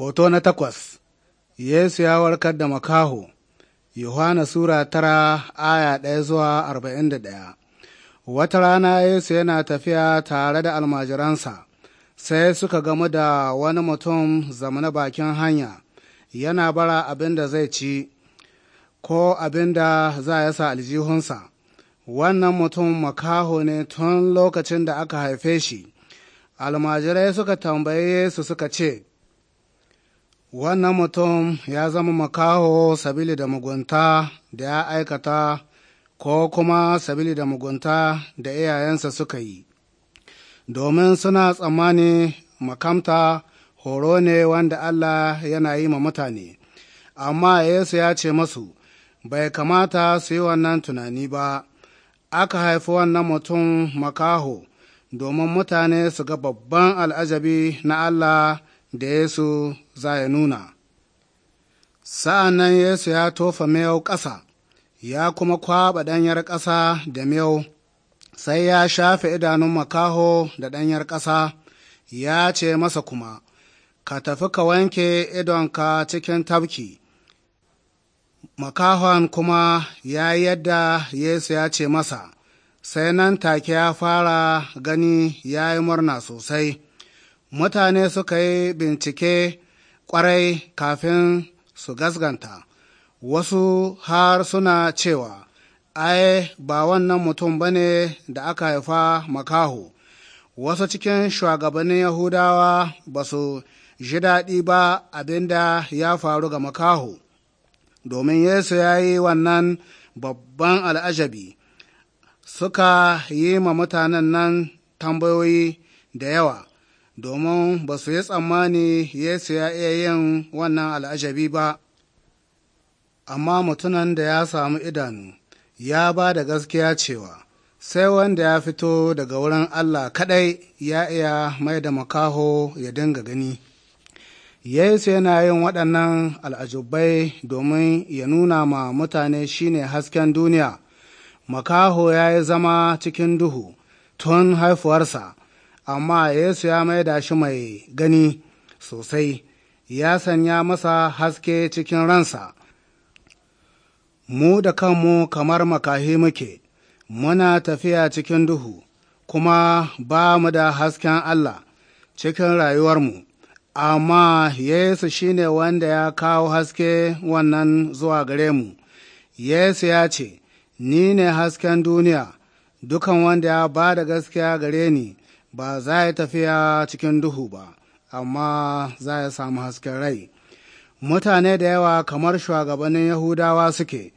Hoto na takwas Yesu ya warkar da makaho, Yohana Sura tara aya ɗaya zuwa arba'in da ɗaya. Wata rana Yesu yana tafiya tare da almajiransa, sai suka gamu da wani mutum zamana bakin hanya, yana bara abin da zai ci, ko abin da za ya sa aljihunsa. Wannan mutum makaho ne tun lokacin da aka haife shi. Almajirai suka tambaye Yesu suka ce, wannan mutum ya zama makaho sabili da mugunta da ya aikata ko kuma sabili da mugunta da iyayensa suka yi domin suna tsammani makamta horo ne wanda Allah yana yi ma mutane amma Yesu ya ce masu bai kamata su yi wannan tunani ba aka haifi wannan mutum makaho domin mutane su ga babban al'ajabi na Allah da Yesu za ya nuna sa'an nan yesu ya tofa miyau ƙasa ya kuma kwaɓa ɗanyar ƙasa da miyau sai ya shafe idanun makaho da ɗanyar ƙasa ya ce masa kuma ka tafi ka wanke idonka cikin tafki makahon kuma ya yadda yesu ya ce masa sai nan take ya fara gani ya yi murna sosai mutane suka yi bincike Kwarai kafin su gasganta, wasu har suna cewa, ai, ba wannan mutum ba ne da aka haifa makaho, wasu cikin shugabannin Yahudawa ba su ji daɗi ba abinda ya faru ga makaho, domin Yesu ya yi wannan babban al'ajabi, suka yi ma mutanen nan tambayoyi da yawa. domin ba su yi tsammani Yesu ya iya yin wannan al'ajabi ba, amma mutunan da ya samu idanu ya ba da gaskiya cewa sai wanda ya fito daga wurin Allah kaɗai ya iya mai da makaho ya dinga gani. Yesu yana yin waɗannan al'ajubai domin ya nuna ma mutane shine hasken duniya, makaho ya yi zama cikin duhu tun haifuwarsa. amma Yesu ya maida shi mai gani sosai, ya sanya masa haske cikin ransa. Mu da kanmu kamar makahi muke, muna tafiya cikin duhu, kuma ba mu da hasken Allah cikin rayuwarmu, amma Yesu shi ne wanda ya kawo haske wannan zuwa gare mu. Yesu ya ce, Ni ne hasken duniya, dukan wanda ya ba da gaskiya gare ni. ba za ya tafiya cikin duhu ba amma za ya samu hasken rai mutane da yawa kamar shugabannin yahudawa suke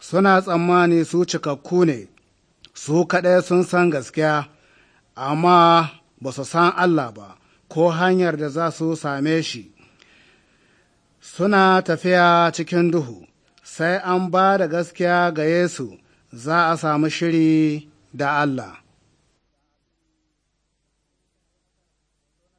suna tsammani su cikakku ne su kaɗai sun san gaskiya amma ba su san allah ba ko hanyar da za su same shi suna tafiya cikin duhu sai an ba da gaskiya ga yesu za a samu shiri da allah